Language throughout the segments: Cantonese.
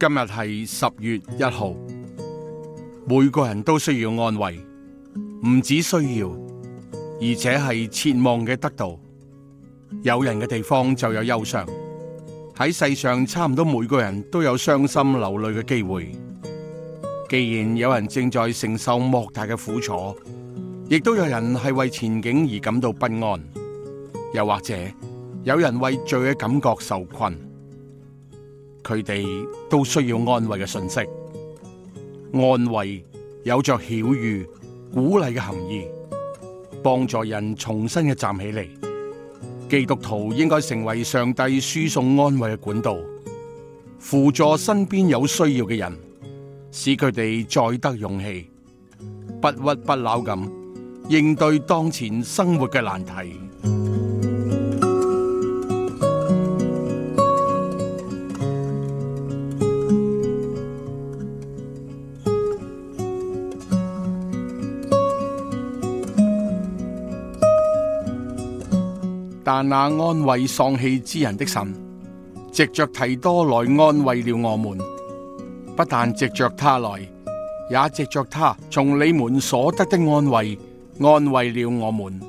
今日係十月一號，每個人都需要安慰，唔止需要，而且係切望嘅得到。有人嘅地方就有憂傷，喺世上差唔多每個人都有傷心流淚嘅機會。既然有人正在承受莫大嘅苦楚，亦都有人係為前景而感到不安，又或者有人為罪嘅感覺受困。佢哋都需要安慰嘅信息，安慰有着曉喻、鼓勵嘅含義，幫助人重新嘅站起嚟。基督徒應該成為上帝輸送安慰嘅管道，輔助身邊有需要嘅人，使佢哋再得勇氣，不屈不撓咁應對當前生活嘅難題。但那安慰喪氣之人的神，藉着提多來安慰了我們；不但藉着他來，也藉着他從你們所得的安慰，安慰了我們。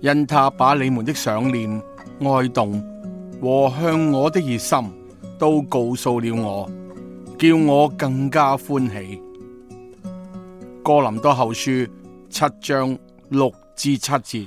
因他把你們的想念、哀慟和向我的熱心，都告訴了我，叫我更加歡喜。哥林多後書七章六至七節。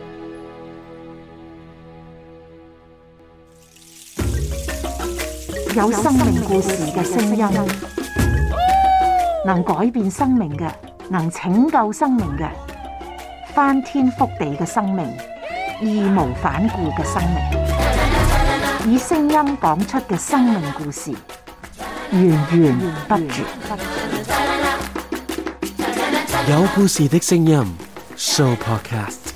有生命故事嘅聲音，能改變生命嘅，能拯救生命嘅，翻天覆地嘅生命，義無反顧嘅生命，以聲音講出嘅生命故事，源源不絕。有故事嘅聲音，Sooo Podcast。